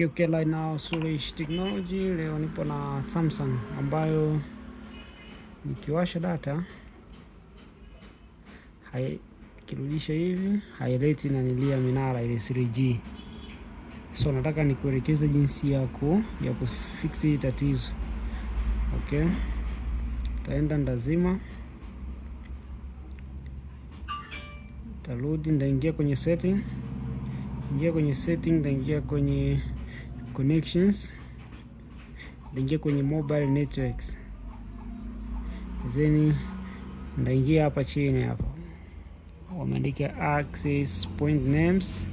Okay, okay, okay, now Sulish Technology. Leo nipo na Samsung ambayo nikiwasha data hai kirudisha hivi haileti na nilia minara ile 3G. So nataka nikuelekeze jinsi ya ya kufix hii tatizo. Okay, taenda ndazima, tarudi, ndaingia kwenye setting, ingia kwenye setting, ndaingia kwenye connections, ndaingia kwenye mobile networks, then ndaingia hapa chini hapa wameandika access point names,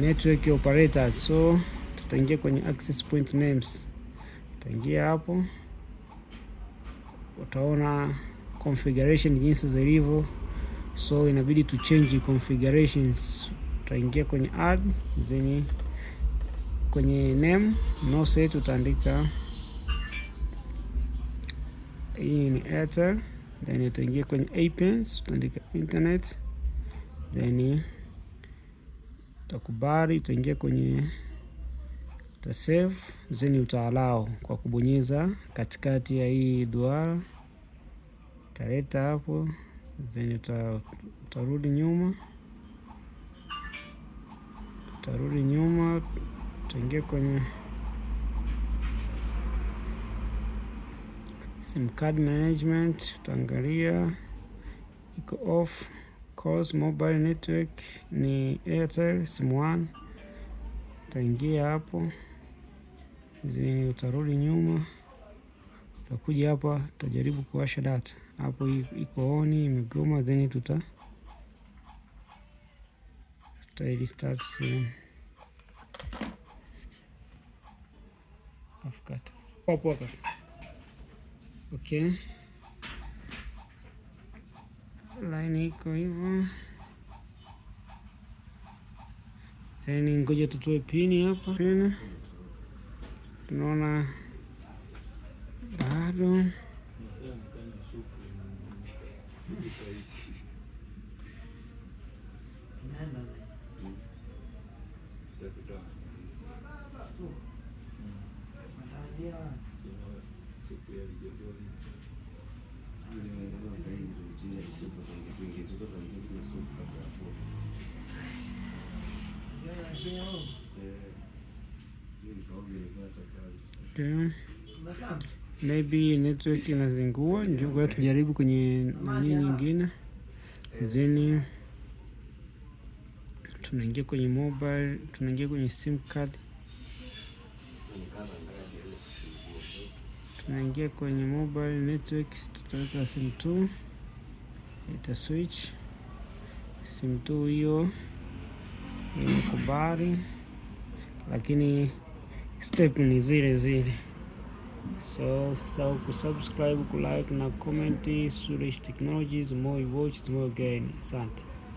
network operators. So tutaingia kwenye access point names, tutaingia hapo, utaona configuration jinsi zilivyo, so inabidi tu change configurations. Tutaingia kwenye add zenye kwenye name no say utaandika hii ni Airtel, then utaingia kwenye apps utaandika internet, then utakubali, utaingia kwenye save, then utaalao kwa kubonyeza katikati ya hii duara utaleta hapo, then utarudi nyuma, utarudi nyuma Tutaingia kwenye sim card management, tutaangalia iko off course. Mobile network ni Airtel sim 1, utaingia hapo, utarudi nyuma, utakuja hapa, tutajaribu kuwasha data hapo, iko oni imegoma, then tuta restart simu. Avukat. Hop hop. Okay. Line iko hivyo. Sasa ni ngoja tutoe pini hapa. Pini. Tunaona bado Okay. Maybe network inazingua, njogoa tujaribu kwenye nini nyingine zeni, tunaingia kwenye mobile, tunaingia kwenye sim card tunaingia kwenye mobile network, tutaweka sim 2 ita switch sim 2 hiyo imekubali, lakini step ni zile zile. So sasa usisahau kusubscribe, kulike na comment. Suresh Technologies, more you watch, more gain. Asante.